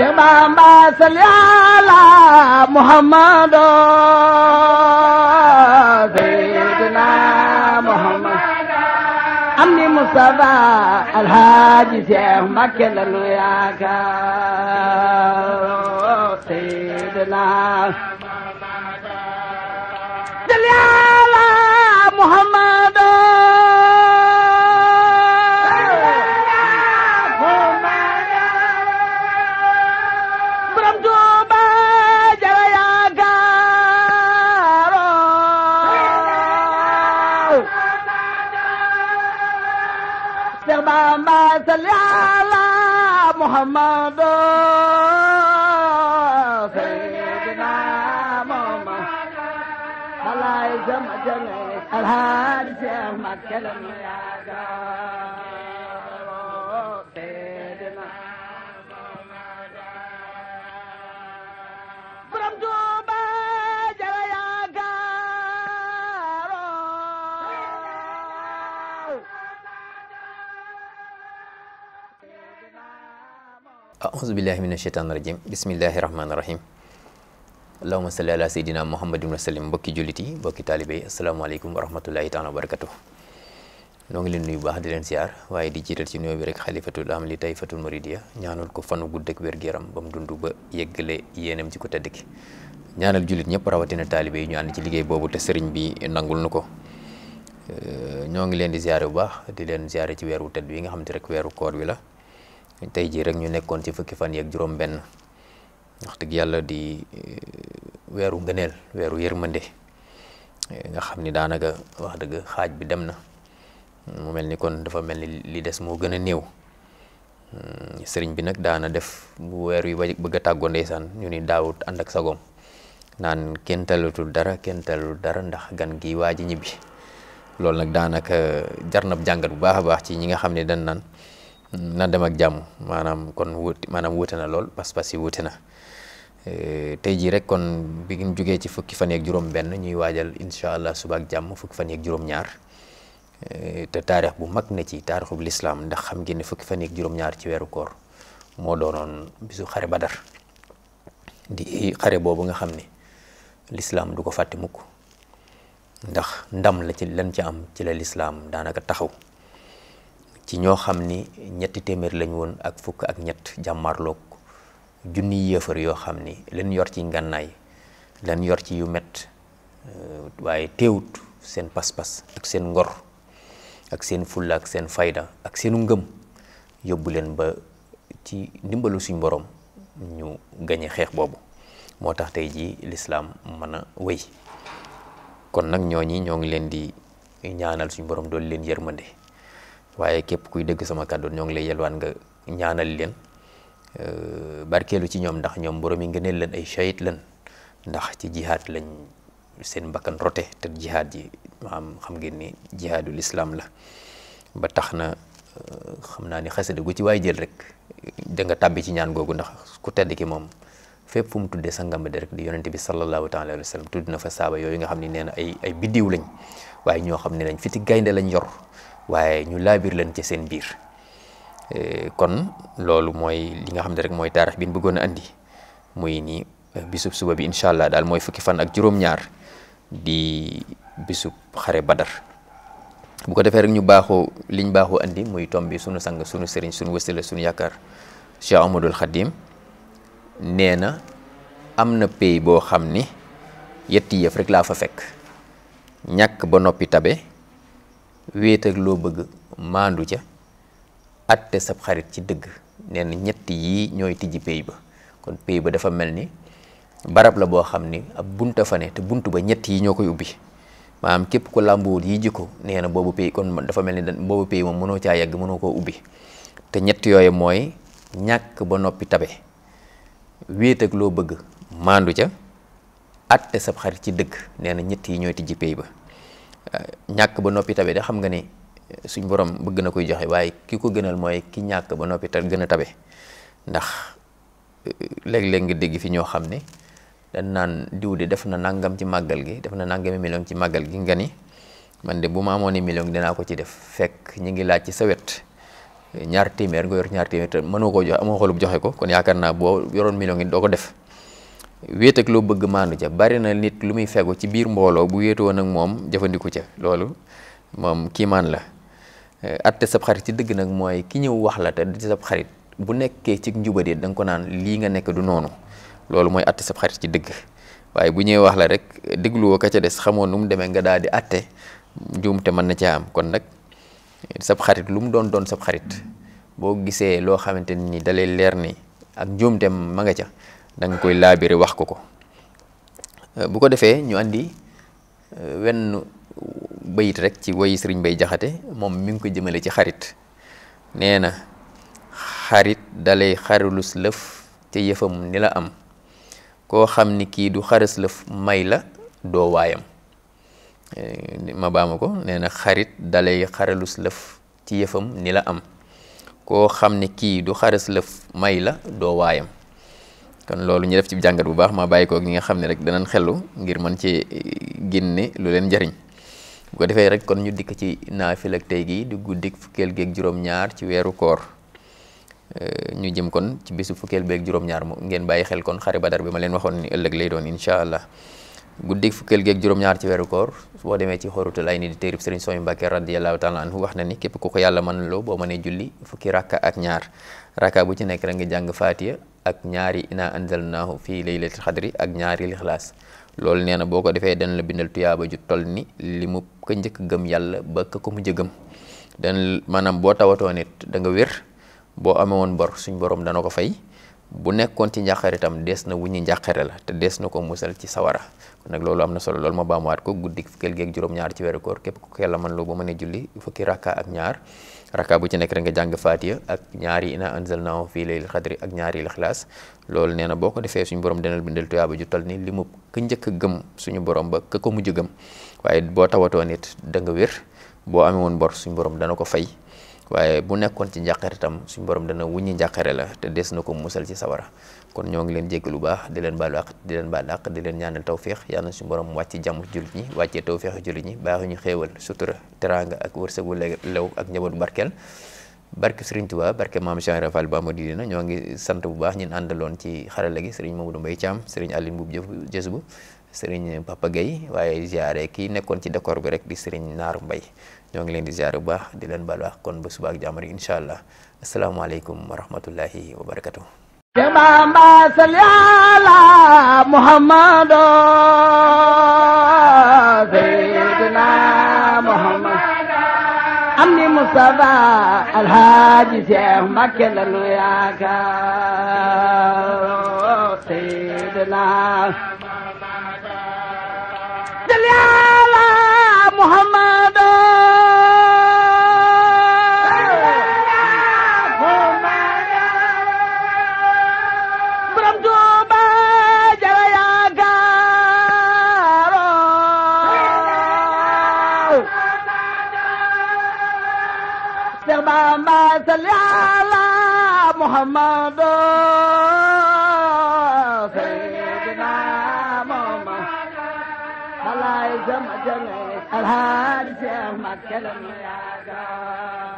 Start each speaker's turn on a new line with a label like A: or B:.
A: اللهم صل على محمد سيدنا محمد أمني مصطفى الحاج شيخ مكة للوياك سيدنا صل على محمد صل على محمد سيدنا محمد الله يجمع جميع الهادي مكة يا
B: auzu billahi mina sheytaani rajim bismillahi rahmaani rahim allahuma salli ala seydina muhammadin wa sallim mbokki jullit yi mbokki taalibe yi asalaamaaleykum wa rahmatullahi taala wa barakatuh noo ngi leen nuyu baax di leen siyaar waaye di jiital ci nuyoo bi rek xalifatul am li tayfatul muridiya ñaanal ko fanu gudd ak wér-gu-yaram ba mu dund ba yéenam ci ko tedd ki ñaanal ñëpp rawatina taalibe yi ñu ci liggéey boobu te sëriñ bi nangul nu ko ñoo ngi leen di siyaare bu baax di leen siyaare ci weeru tedd wi nga xam te rek weeru koor bi la tey jii rek ñu nekkoon ci fukki fan yeeg juróom-benn wax dëgg yàlla di eh, weeru ngëneel weeru yërmande eh, nga xam ni daanaka wax dëgg xaaj bi dem na mu mel ni kon dafa mel ni li des moo gën a néew hmm, sëriñ bi nag daana def bu weer wi bëgg a tàggoo ndeysaan ñu ni daawut ànd ak sagoom naan kenn talutul dara kenn talutul dara ndax gan gi waa ji ñibbi loolu nag daanaka jar na jàngat bu baax a baax ci ñi nga xam ne dañ naan. na dem ak jàmm maanaam kon wuti maanaam wuute na lool pas-pas yi wuute na e, tey jii rek kon bi ñu jógee ci fukki fan yeeg juróom-benn ñuy waajal incha allah suba ak jàmm fukki fan yeeg juróom-ñaar e, te taarix bu mag na ci taarixu bu lislaam ndax xam ngeen fukki fan yeeg ñaar ci weeru koor moo doonoon bisu xare badar di xare boobu nga xam ni lislaam du ko fàtte mukk ndax ndam la ci lan ci am ci la lislaam daanaka taxaw. ci ñoo xam ni ñetti téeméer lañ woon ak fukk ak ñett jàmmarloog junni yéefar yoo xam ni leen yor ci ngànnaay leen yor ci yu mett euh, waaye teewut seen pas-pas ak seen ngor ak seen fulla ak seen fayda ak seenu ngëm yóbbu leen ba ci ndimbalu suñ borom ñu gañe xeex boobu moo tax tey ji lislaam mën a wéy kon nag ñooñi ñoo ngi leen di ñaanal suñ borom doolu leen yërmande waaye képp kuy dégg sama kàddu ñoo ngi lay yelwaan nga ñaanal leen euh, barkeelu ci ñoom ndax ñoom borom yi nga neel leen ay shahid lan ndax ci jihaad lañ seen bakkan rote te jihaad ji maanaam xam ngeen ni jihaadul islam la ba tax na euh, xam naa ni xasida gu ci waay jël rek da nga tàbbi ci ñaan googu ndax ku tedd ki moom fépp fu mu tuddee sangam bi rek di yonente bi sallallahu taala alayhi wa sallam tudd na fa saaba yooyu nga xam ne nee na ay ay biddiw lañ waaye ñoo xam ne lañ fiti gaynde lañ yor waaye ñu laabir leen ci seen biir eh, kon loolu mooy li nga xam ne rek mooy taarix bi nu bëggoon a andi muy nii eh, bisub suba bi incha allah daal mooy fukki fan ak juróom-ñaar di bisub xare badar bu ko defee rek ñu baaxoo liñ baaxoo indi muy tom bi sunu sang sunu sëriñ sunu wësale sunu yaakaar Cheikh Ahmadul Xadim nee na am na pays boo xam ni yetti yëf rek laa fa fekk ñàkk ba noppi tabe wéet loo bëgg maandu ca atte sab xarit ci dëgg nee ñett yi ñooy tijji pay ba kon pay ba dafa mel ni barab la boo xam ni ab bunta fa ne te bunt ba ñett yi ñoo koy ubbi maanaam képp ku làmbool yi jikko nee na boobu pay kon dafa mel ni da boobu pay moom mënoo caa yegg mënoo koo ubbi te ñett yooyu mooy ñàkk ba noppi tabe wéet loo bëgg maandu ca atte sab xarit ci dëgg nee na ñett yi ñooy tijji pay ba Euh, ñàkk ba noppi tabe de xam nga ni euh, suñ borom bëgg na koy joxe waaye ki ko gënal mooy ki ñàkk ba noppi ta gën a tabe ndax euh, léeg-léeg nga dégg fi ñoo xam ne dañ naan diw de def na nangam ci màggal gi def na nangami million ci màggal gi nga ni man de bu ma amoon ni million dinaa ko ci def fekk ñi ngi laaj ci sa wet ñaar téeméer nga yor ñaar téeméer mënoo koo joxe amoo xolub joxe ko kon yaakaar naa boo yoroon million yi doo ko def wéet ak loo bëgg maandu ca bari na nit lu muy fegu ci biir mbooloo bu wéetoo nag moom jëfandiku ca loolu moom kiimaan la eh, atte sab xarit ci dëgg nag mooy ki ñëw wax la te di xarit bu nekkee ci njubadee da nga ko naan lii nga nekk du noonu loolu mooy atte sab ci dëgg waaye bu ñëwee wax la rek dégluwoo ka ca des xamoon nu mu demee nga daal di atte njuumte mën na caa am kon nag eh, sab xarit lu mu doon doon sab xarit boo gisee loo xamante ni dalay leer ni ak njuumte ma nga ca da koy laabire wax ko ko euh, bu ko defee ñu andi euh, wenn bayit rek ci woyi sëriñ bay jaxate moom mi ngi ko jëmale ci xarit nee na xarit dalay xaralus lëf ca yëfam ni la am koo xam ni kii du xaras lëf may la doo waayam euh, ko nee na xarit dalay xaralus lëf ci yëfam ni la am koo xam ni kii du xaras lëf may la doo waayam kon loolu ñu def ci jàngat bu baax ma bàyyi ko ñi nga xam ne rek danañ xelu ngir mën ci eh, génne lu leen jariñ bu ko defee rek kon ñu dikk ci naafil ak tey gi di guddik fukkeel geeg juróom-ñaar ci weeru koor eh, ñu jëm kon ci bisu fukkeel beeg juróom-ñaar mu ngeen bàyyi xel kon xare badar bi ma leen waxoon ni ëllëg lay doon incha allah guddik fukkeel geeg juróom-ñaar ci weeru koor boo demee ci xóorutul ay ni di téerib sëriñ Sooy Mbàkke radiyallahu taala anhu wax na ni képp ku ko yàlla mën loo boo mënee julli fukki rakka ak ñaar rakka bu ci nekk rek nga jàng faatiya ak ñaari ina anzalnaahu fii laylatil xadri ak ñaari lixlaas loolu nee na boo ko defee dana la bindal tuyaaba ju toll ni li mu ka njëkk gëm yàlla ba ka ko mujj gëm dan maanaam boo tawatoo nit da nga wér boo amee woon bor suñ boroom dana ko fay bu nekkoon ci njàqare itam des na wuññi njàqare la te des na ko musal ci sawara nag loolu am na solo loolu ma baamuwaat ko guddi fukkeel gi ak juróom-ñaar ci weeru koor képp ku yàlla mën loo ba mën a julli fukki rakka ak ñaar rakka bu ci nekk rek nga jàng faatiya ak ñaar yi ina anzalnaahu fii laylatil qadri ak ñaari lixlaas loolu nee na boo ko defee suñu borom denal bindal tuyaaba ju toll ni li mu ka njëkk a gëm suñu borom ba ka ko mujj gëm waaye boo tawatoo nit da nga wér boo amee woon bor suñu borom dana ko fay waaye bu nekkoon ci njàqare tam suñu borom dana wuññi njàqare la te des na ko musal ci sawara kon ñoo ngi leen jégg lu baax di leen baalu àq di leen baal àq di leen ñaanal tawféex yal na suñu borom wàcc jàmm jullit ñi wàccee tawféex jullit ñi baaxuñu xéewal sutura teranga ak wërsëgu lew ak njaboot barkeel barke Serigne Touba barke maam Cheikh Rafal ba ma dina ñoo ngi sant bu baax ñun àndaloon ci xarala gi Serigne Mamadou Mbaye Thiam Serigne Aline Mbuub jëf jës bu sëriñ Papa Gueye waaye ziare kii nekkoon ci décor bi rek di sëriñ Naar Mbay ñoo ngi leen di ziare bu baax di leen bal wax kon ba subaak jàmm rek incha allah asalaamaaleykum wa rahmatullahi wa barakatuh
A: kama salli ala muhammad sayyidina muhammad amni mustafa alhaji cheikh makke محمدا Bamba salli ala Muhammad sayyidina Muhammad alay sama jana alhaji Cheikh Mbacké la nu yaakaar